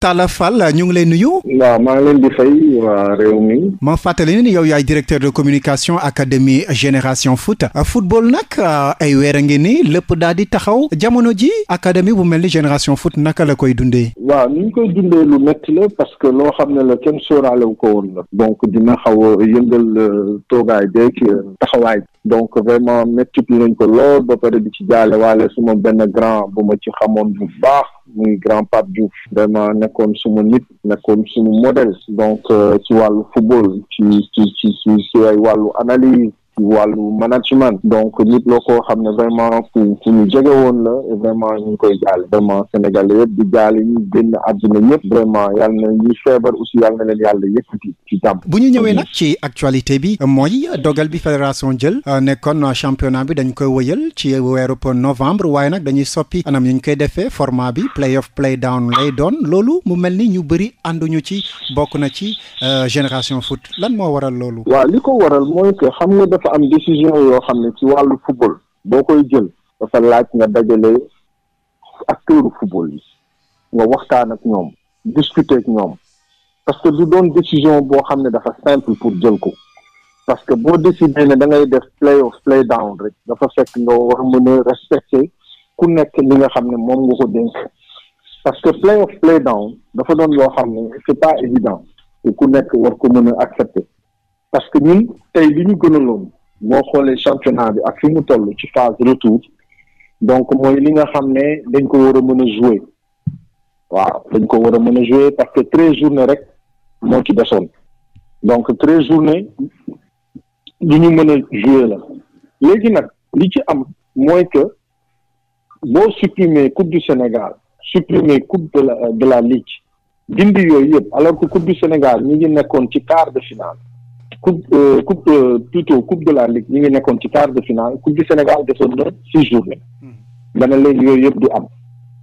Talla Fall ñoo ngi lay nuyu. waaw maa ngi leen di fay waa réew mi. ma fàttali ni yow yaay directeur de communication académie génération foot. football nag euh, ay weer a ngi ni lépp daal di taxaw jamono ji académie bu mel ni génération foot naka la koy dundee. waaw nu ñu koy dundee lu métti la parce que loo xam ne la kenn sóoraale ko woon la. donc dina xaw a yëngal euh, toogaay beeg euh, taxawaay. donc vraiment metti métti nañ ko lool ba pare di ci jaale waale suma benn grand bu ma ci xamoon mu muy grand Pape Diouf vraiment nekkoon suma nit nekkoon suñu modèle donc euh, ci wàllu football ci ci ci ci ci ay wàllu analyse wàllu management donc nit la koo xam ne vraiment fu fu ñu jege woon la et vraiment ñu ngi koy jaale vraiment Sénégal yëpp di jaale ñu génn àdduna ñëpp vraiment yàlla na ñuy feebar aussi yàlla na leen yàlla yëkkati ci jàmm. bu ñu ñëwee nag ci actualité bi mooy dogal bi fédération jël euh, nekkoon championnat bi dañ koy wëyal ci weeru novembre waaye nag dañuy soppi anam ñu ñu koy defee format bi play off play down lay doon loolu mu mel ni ñu bëri ànduñu ci bokk na ci euh, génération foot lan moo waral loolu. waaw li ko waral mooy que xam nga dafa dafa am décision yoo xam ne ci wàllu football boo koy jël dafa laaj nga dajale acteuru football yi nga waxtaan ak ñoom discuter ak ñoom parce que du doon décision boo xam ne dafa simple pour jël ko parce que boo décidé ne da ngay def play off play down rek dafa fekk nga war a mën a respecter ku nekk li nga xam ne moom nga ko dénk parce que play off play down dafa doon loo xam ne c'est pas évident ku nekk war ko mën a accepter parce que ñun tey li ñu gënaloon boo xoolee championnat bi ak fi mu toll ci phase retour donc mooy li nga xam ne dañ ko war a mën a jouer waaw dañ ko war a mën jouer parce que treize journées rek moo ci desoon donc treize journées li ñu mën jouer la léegi nag li ci am mooy que boo supprimer coupe du Sénégal supprimer coupe de la de la ligue dindi yooyu yëpp alors que coupe du Sénégal ñu ngi nekkoon ci quart de finale coupe euh, coupe euh, plutôt coupe de la ligue ñi ngi nekkoon ci quart de finale coupe du Sénégal soo na six journées dana hmm. léegi yooyu yëpp du am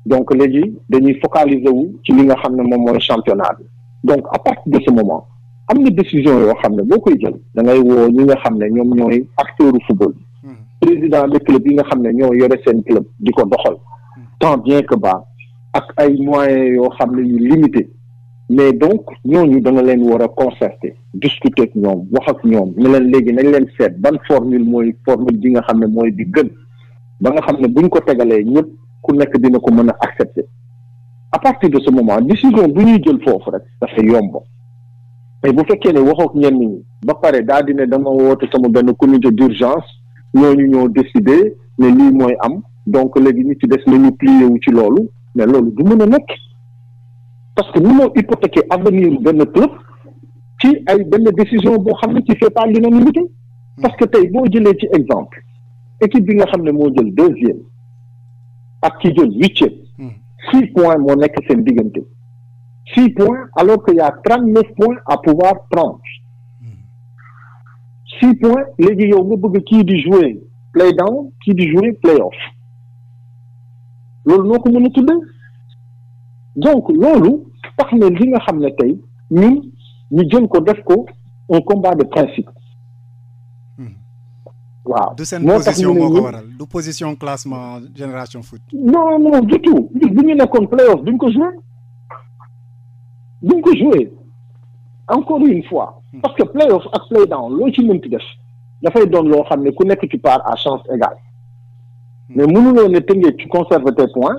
donc léegi dañuy focaliser wu ci li nga xam ne moom mooy championnat bi donc à partir de ce moment am na décision yoo xam ne boo koy jël da ngay woo ñi nga xam ne ñoom ñooy acteuru football hmm. président de club yi nga xam ne ñoo yore seen club di ko doxal hmm. tant bien que bas ak ay moyens yoo xam ne yu limité mais donc ñooñu da nga leen war a concerter discuter ak ñoom wax ak ñoom ne léegi nañ leen seet ban formule mooy formule bi nga xam ne mooy bi gën ba nga xam ne buñ ko tegalee ñëpp ku nekk dina ko mën a accepter à partir de ce moment décision bu ñuy jël foofu rek dafay yomb mais bu fekkee ne waxook ñenn ñi ba pare daa di ne dama woote sama benn comité d'urgence ñooñu ñoo décider ne lii mooy am donc léegi ñu ci des nañu plié wu ci loolu mais loolu du mën a parce que mënoo hypothéquer avenir benn club ci ay benn décision boo xam ne ci fait pas l'unanimité parce que tey boo jëlee ci exemple équipe bi nga xam ne moo jël deuxième ak ki jël huitième hmm. six points moo nekk seen diggante six points alors que y a points à pouvoir prendre six points léegi yow nga bëgg kii di jouer play down kii jouer play off loolu noo ko donc loolu tax na li nga xam ne tey ñun ñu jël ko def ko un combat de principe. Hmm. waaw du seen position moo ko waral du position classement génération foot. non non du tout bu ñu nekkoon playoff duñ ko joué duñ ko joué encore une fois. Hmm. parce que playoff ak play down loo ci mënti def dafay doon loo xam ne ku nekk ci part à chance égale hmm. mais mënuloo ne tënkee ci conserve tes points.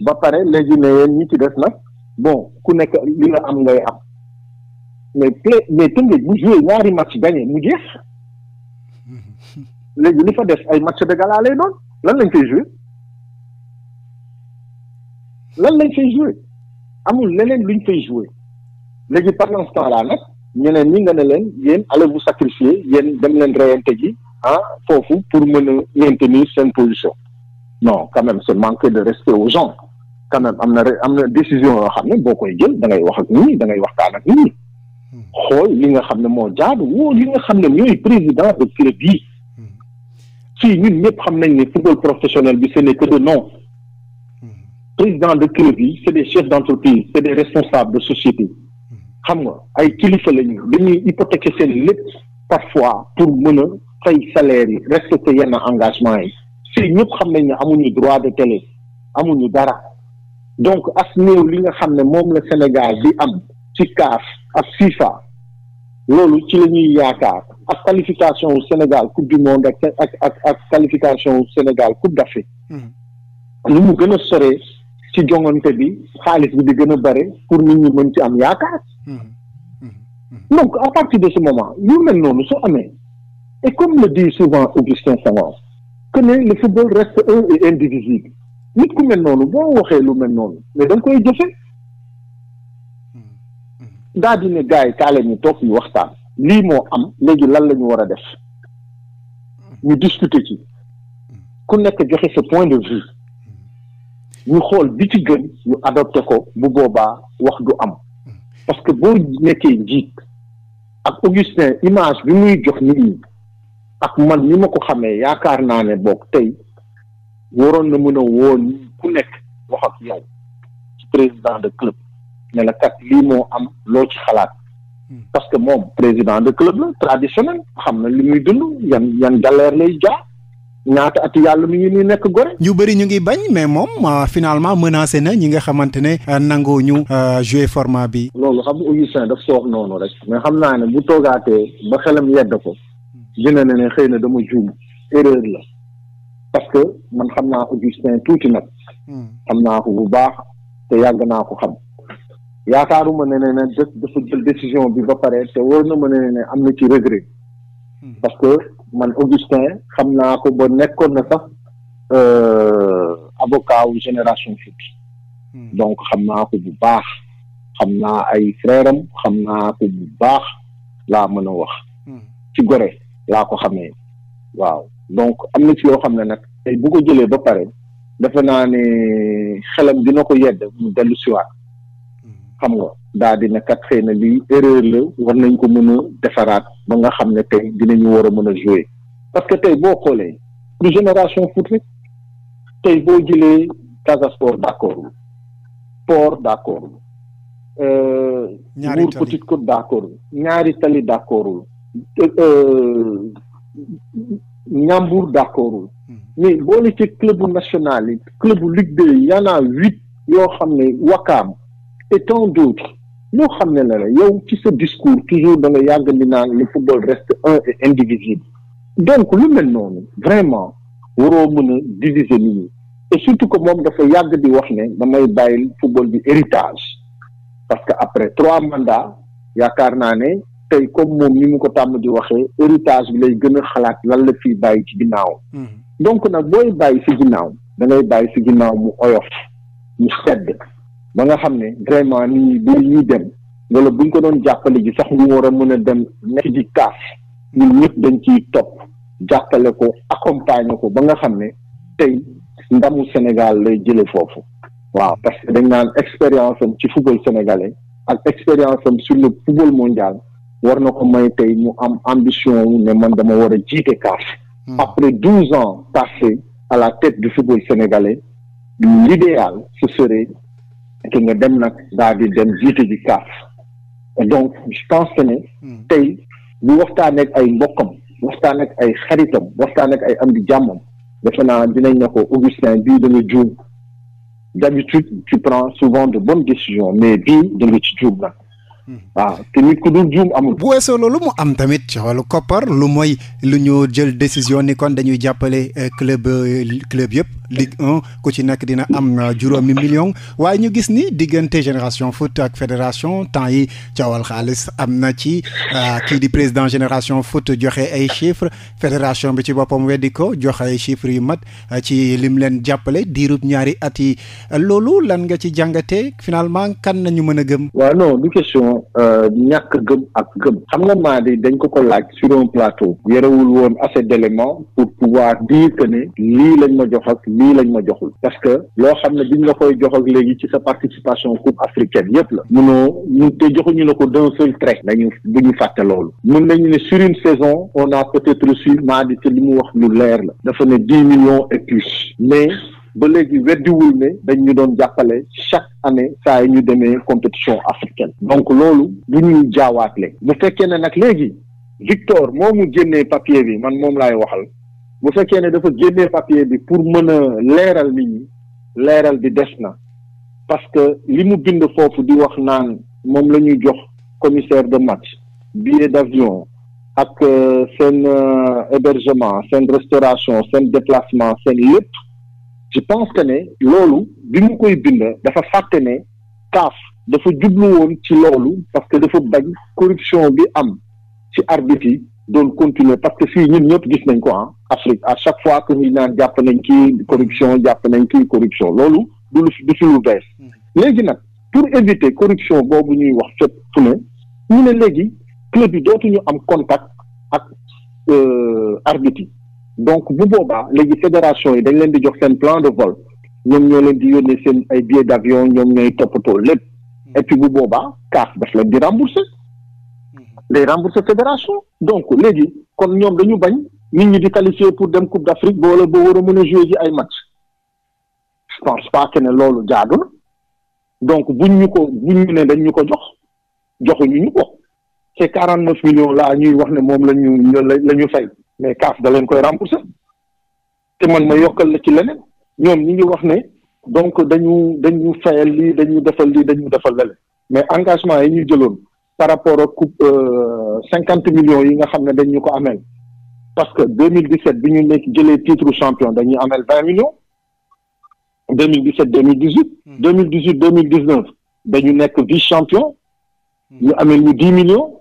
ba pare léegi ne yéen ñi ci des nag bon ku nekk li la am ngay am mais play mais Tëngéej bu joué ñaari match gagné mu jeex léegi li fa def ay match de gala lay doon lan lañ fay joué lan lañ fay joué amul leneen luñ fay joué léegi pendant ce temps là nag ñeneen ñi nga ne leen yéen allez vous sacrifier yéen dem leen reyante ji ah foofu pour mën a maintenir seen position non quand même c'est manquer de respect aux gens quand même am na am na décision yoo xam ne boo koy jël da ngay wax ak nit ñi da ngay waxtaan ak nit li nga xam ne moo jaadu woo li nga xam ne ñooy président de club yi fii ñun ñëpp xam nañ ne football professionnel bi ce n'est que de nom président de club yi c'est des chefs d'entreprise c'est des responsables de société xam nga ay kilifa lañu dañuy hypothéquer seen lépp parfois pour mën a fay salaire yi respecter yenn engagement yi fii ñëpp xam nañ ne amuñu droit de télé amuñu dara donc as néew li nga xam ne moom la Sénégal bi am ci CAF ak FIFA loolu ci la ñuy yaakaar ak qualification wu Sénégal coupe du monde ak ak ak ak qualification wu Sénégal coupe d'Afrique lu hmm. mu gën a soree ci jongante bi xaalis bi di gën a bare pour nit ñi mën ci am yaakaar hmm. Hmm. donc à partir de ce moment yu mel noonu su amee et comme le di souvent Augustin Senghor que ne le football reste un et indivisible nit ku mel noonu boo waxee lu mel noonu mais da koy jëfe daa di yi kaale ñu toog ñu waxtaan lii moo am léegi lan lañu ñu war a def ñu discuter ci ku nekk joxe sa point de vue ñu xool bi ci gën ñu adopté ko bu boobaa wax du am parce que boo nekkee njiit ak Augustin image bi muy jox nit ñi ak man ni ma ko xamee yaakaar naa ne boog tey waroon na mën a woo ku nekk wax ak yow ci président de club ne lii moo am loo ci xalaat hmm. parce que moom président de club la traditionnel xam na li muy dund yan yan galère lay jaar ñaata at yàlla mi ngi nii nekk gore ñu bëri ñu ngi bañ mais moom euh, finalement menacé na ñi nga xamante ne euh, nangoo ñu euh, jouer format bi loolu xam nga Augustin daf soog noonu rek mais xam naa ne bu toogaatee ba xelam yedd ko hmm. dina ne ne xëy na dama juum erreur la man xam naa Augustin tuuti nag hmm. xam naa ko bu baax te yàgg naa ko xam yaakaaruma ne ne ne dafa jël décision bi ba pare te wóor na ma ne ne am na ci regret hmm. parce que man Augustin xam naa ko ba nekkoon na sax euh, avocat génération foot hmm. donc xam naa ko bu baax xam naa ay frère xam naa ko bu baax laa mën a wax ci gore laa ko xamee waaw donc am na ci yoo xam ne nag tey bu ko jëlee ba pare defe naa ne xelam dina ko yedd mu dellu siwaat xam nga daa dina kat xëy na lii erreur la war nañ ko mën defaraat ba nga xam ne tey ñu war a mën a jouer parce que tey boo xoolee du génération foot rek tey boo jëlee Casa Sport d'accord port d'accord euh, Mbour Petite Côte d'accord ñaari tali d'accord euh, ñambur d'accord hmm. mais boole ci club national yi club Ligue 2 yi huit yoo xam ne Wakaam et tant d'autres yoo xam ne la la yow ci sa discours toujours da nga yàgg di naan le football reste un et indivisible donc lu mel noonu vraiment waroo mën a diviser nit ñi et surtout que moom dafa yàgg di wax ne damay bàyyil football bi héritage parce que après trois mandats yaakaar naa ne tey comme moom ni mu ko tàmm di waxee héritage bi lay gën a xalaat lan la fiy bàyyi ci ginnaaw mm-hmm. donc nag booy bàyyi si ginnaaw da ngay bàyyi si ginnaaw mu oyof mu sedd ba nga xam ne vraiment nit ñi bu ñuy dem wala buñ ko doon jàppale ji sax ñu war a mën a dem nekk di kaas ñun ñëpp dañ ciy topp jàppale ko accompagner ko ba nga xam ne tey ndamu Sénégal lay jële foofu waaw parce que dañ naan expérience am ci football sénégalais ak expérience am sur le football mondial war na ko may tey mu am ambition wu ne man dama war a jiite kaas Hmm. Après 12 ans passés à la tête du football sénégalais, l'idéal, ce serait que nga dem nag daal di dem jiite ji CAF donc je pense que hmm. tey bu waxtaan ak ay mbokkam waxtaan ak ay xaritam waxtaan ak ay am di jàmmam defe naa dinañ ne ko Augustin bii da nga juum d'habitude tu prends souvent de bonnes décisions mais bii da nga ci juum nag waaw te nit ku dul juum amul. bu weesoo loolu mu am tamit ci wàllu koppar lu mooy lu ñu jël décision ni kon dañuy jàppale euh, club euh, club yëpp. Ligue 1 ku ci nekk dina am euh, juróomi million waaye ñu gis ni diggante génération foot ak fédération temps yi coowal xaalis am na ci euh, kii di président génération foot joxe ay chiffres fédération bi ci boppam weddi ko joxe ay chiffres yu mat euh, ci lim leen jàppale diirub ñaari at yi loolu lan nga ci jàngatee finalement kan nañu mën a gëm. waaw non du question ñàkk gëm ak gëm xam nga maa di dañ ko ko laaj sur un plateau. yorewul woon assez d'éléments pour pouvoir dire lañ ma jox lii lañ ma joxul parce que loo xam ne biñ la koy jox ak léegi ci sa participation coupe africaine yépp la mu mun te joxuñu la ko d'un seul trait nañu bu ñu fàtte loolu mun nañu ne sur une saison on a peut-être reçu maa te li mu wax lu leer la dafa ne dix millions et plus mais ba léegi weddiwul ne dañu ñu doon jàppale chaque année saa yi ñu demee compétition africaine donc loolu bu ñuy jaawaatle mu fekkee ne nag léegi Victor moomu génnee papier bi man moom laay waxal bu fekkee ne dafa génnee papier bi pour mën a leeral nit ñi leeral bi des na parce que li mu bind foofu di wax naan moom la ñuy jox commissaire de match billet d'avion ak euh, seen euh, hébergement seen restauration seen déplacement seen lépp je pense que ne loolu bi mu koy bind dafa fàtte ne kaaf dafa jublu woon ci loolu parce que dafa bañ corruption bi am ci arbitre doon continuer parce que fii ñun ñëpp gis nañ ko ah Afrique à chaque fois que ñuy naan jàpp nañ kii corruption jàpp nañ kii corruption loolu du lu du lu bees mmh. léegi nag pour éviter corruption boobu ñuy wax fépp fu ne ñu ne léegi club yi dootuñu am contact ak euh, arbitre donc bu boobaa léegi fédération yi dañ leen di jox seen plan de vol ñoom ñoo leen di yónnee seen ay billets d'avion ñoom ñooy toppatoo lépp mmh. et puis bu boobaa CAF daf leen di rembourser day rembourser fédération donc léegi kon ñoom dañu bañ nit ñi di qualifier pour dem coupe d' Afrique boole ba war a mën a jouer ji ay match je pense pas ne loolu jaadul donc buñ ñu ko buñ ñu ne dañ ñu ko jox joxuñu ñu ko c'est quarante neuf millions laa ñuy wax ne moom la ñu la ñu fay mais CAF da leen koy rembourser te man ma yokkal la ci leneen ñoom ñi ngi wax ne donc dañu dañu fayal lii dañu defal lii dañu defal leneen mais engagement yi ñu jëloon. par rapport ak coupe euh, cinquante millions yi nga xam ne dañ ñu ko amel parce que deux mille dix sept bi ñu nekk jëlee titre champion dañuy amel vingt millions deux mille dix sept deux mille dix huit hmm. deux mille dix huit deux mille dix neuf dañu nekk vice champion hmm. ñu amel ñu dix millions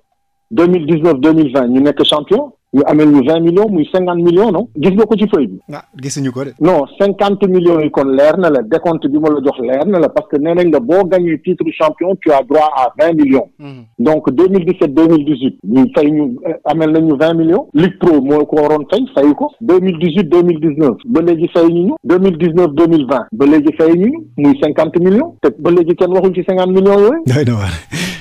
deux mille dix neuf deux mille vingt ñu nekk champion ñu amel ñu vingt millions muy cinquante millions non gis nga ko ci feuille bi. ah gisuñu ko de. non cinquante millions yi kon leer na la décompte bi ma la jox leer na la parce que nee nañ la boo gagné titre champion tu as droit à vingt millions. Mm-hmm. donc deux mille dix sept deux mille dix huit ñu fay ñu euh, amel nañ ñu vingt millions. Ligue Pro moo ko waroon fay fay ko deux mille dix huit deux mille dix neuf ba léegi fay ñu ñu deux mille dix neuf deux mille vingt ba léegi fay ñu ñu muy te ba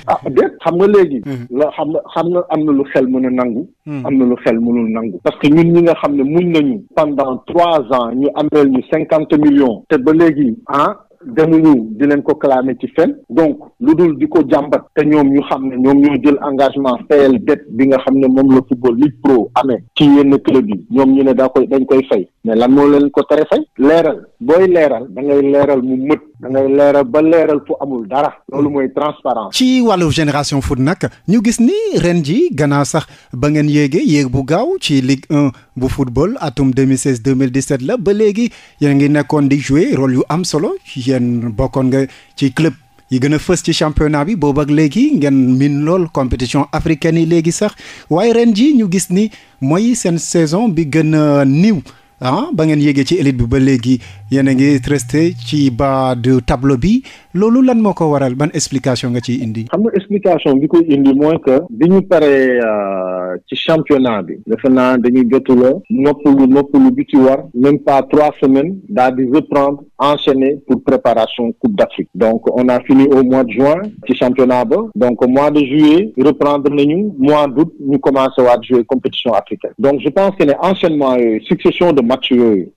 ah, xam nga léegi. Mm-hmm. xam nga xam nga am na lu xel mën a nangu. Mm-hmm. xel mënul nangu parce que ñun ñi nga xam ne muñ nañu pendant trois ans ñu ameel ñu cinquante millions te ba léegi ah demuñu di leen ko clamé ci fen donc lu dul di ko jàmbat te ñoom ñu xam ne ñoom ñoo jël engagement fayal dette bi nga xam ne moom la football ligue pro amee ci yenn club yi ñoom ñu ne daa koy dañ koy fay mais lan moo leen ko tere fay leeral booy leeral da ngay leeral mu mët da ngay leeral ba leeral fu amul dara loolu mooy transparence ci wàllu génération foot nag ñu gis ni ren ji gannaaw sax ba ngeen yéege yéeg bu gaaw ci Ligue 1 bu football atum 2016 2017 la ba léegi yéen ngi nekkoon di yu am solo bokkoon nga ci club yi gën a fës ci championnat bi boobu ak léegi ngeen min lool compétition africaine yi léegi sax waaye ren ji ñu gis ni mooy seen saison bi gën a niiw ah ba ngeen yéegee ci élite bi ba léegi yéen a ngi resté ci ba du tableau bi loolu lan moo ko waral ban explication nga ci indi. xam nga explication bi koy indi mooy que. bi ñu paree euh, ci championnat bi. defe naa dañuy lu noppalu lu bi ci war. même pas trois semaines daal di reprendre enchaîner pour préparation Coupe d'Afrique. donc on a fini au mois de juin. ci championnat ba. donc mois de juillet reprendre ñu mois d'août ñu commencé waat jouer compétition africaine. donc je pense que ne de match yooyu.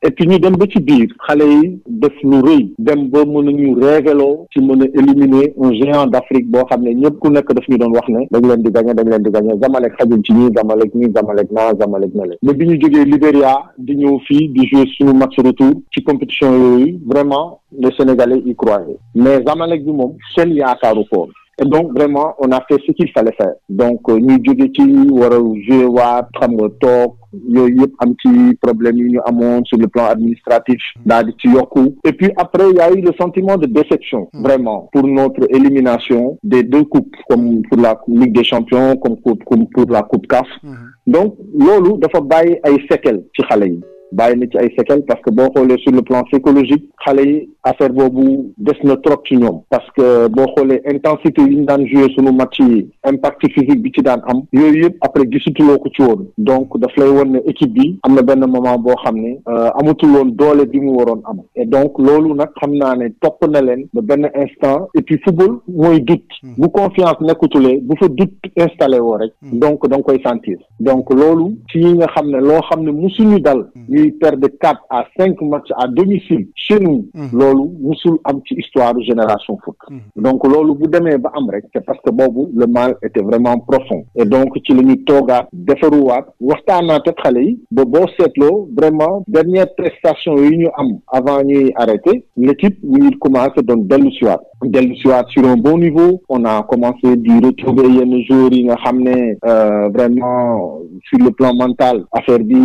yi def lu rëy dem ba mën na ñu réegaloo ci mën a éliminer un géant d'Afrique boo xam ne ñëpp ku nekk def ñu doon wax ne dag leen di gagné dañ leen di gagné zamalek xajul ci ñii zamalek ñii zamalek naa zamalek na leen mais bi ñu jógee Libéria di ñëw fii di jouer suñu match retour ci compétition yooyu vraiment les Sénégalais y croyaient mais zamalek bi moom seen yaakaaru koon et donc vraiment on a fait ce qu'il fallait faire donc euh, ñu jóge war a joué waat xam nga toog yooyu yëpp am ci problème yi ñu amoon sur le plan administratif daal di ci yokku et puis après il y a eu le sentiment de déception hmm. vraiment pour notre élimination des deux coupes comme pour la Ligue des Champions comme pour, la Coupe CAF hmm. donc loolu dafa bàyyi ay séquelles ci xale yi bàyyi na ci ay séquelles parce que boo xoolee sur le plan psychologique xale yi affaire boobu des na trop ci ñoom parce que boo xoolee intensité yi ñu daan joué sunu match yi impact physique bi ci daan am yooyu yëpp après gisutuloo ko ci woon donc daf lay won ne équipe bi am na benn moment boo xam ne euh, amatul woon doole bi mu waroon am et donc loolu nag xam naa ne topp na leen ba benn instant et puis football mooy doute hmm. bu confiance nekkutulee bu fa doute installé woo rek hmm. donc da koy sentir donc loolu ñuy perdre quatre à cinq matchs à domicile chez nous hmm. loolu musul am ci histoire génération foot hmm. donc loolu bu demee ba am rek c'est parce que boobu le mal était vraiment profond et donc ci la ñu toogaat defaruwaat waxtaanaat ak xale yi ba boo seetloo vraiment dernière prestation yi ñu am avant ñuy arrêté l'équipe mu ngi commencé donc dellu siwaat dellu siwaat sur un bon niveau on a commencé di retrouver yenn joueurs yi nga xam ne euh, sur le plan mental affaire bi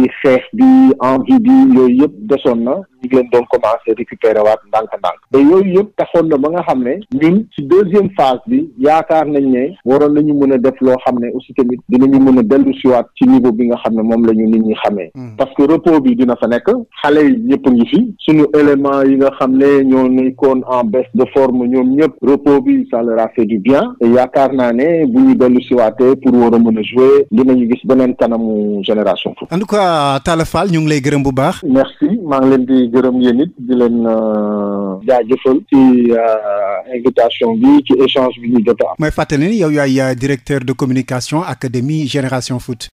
xam-xam idi yooyu yëpp desoon na ñu ngi leen doon commencé récupérer waat ndànk-ndànk ba yooyu yëpp taxoon na ba nga xam ne ñun ci deuxième phase bi yaakaar nañ ne waroon nañu mën a def loo xam ne aussi tamit dinañu mën a dellu siwaat ci niveau bi nga xam ne moom la ñu nit ñi xamee hmm. parce que repos bi dina fa nekk xale yi ñëpp ngi fi suñu élément yi nga xam ne ñoo nekkoon en baisse de forme ñoom ñëpp repos bi ça leur a fait du bien te yaakaar naa ne bu ñu dellu siwaatee pour waroo mën a jouer dinañu gis beneen ñu ngi lay gërëm bu gërëm yéen it di leen euh, jaajëfal ci euh, invitation bi ci échange bi ñu jot am. mooy fàttali ni yow ya euh, directeur de communication académie Génération Foot.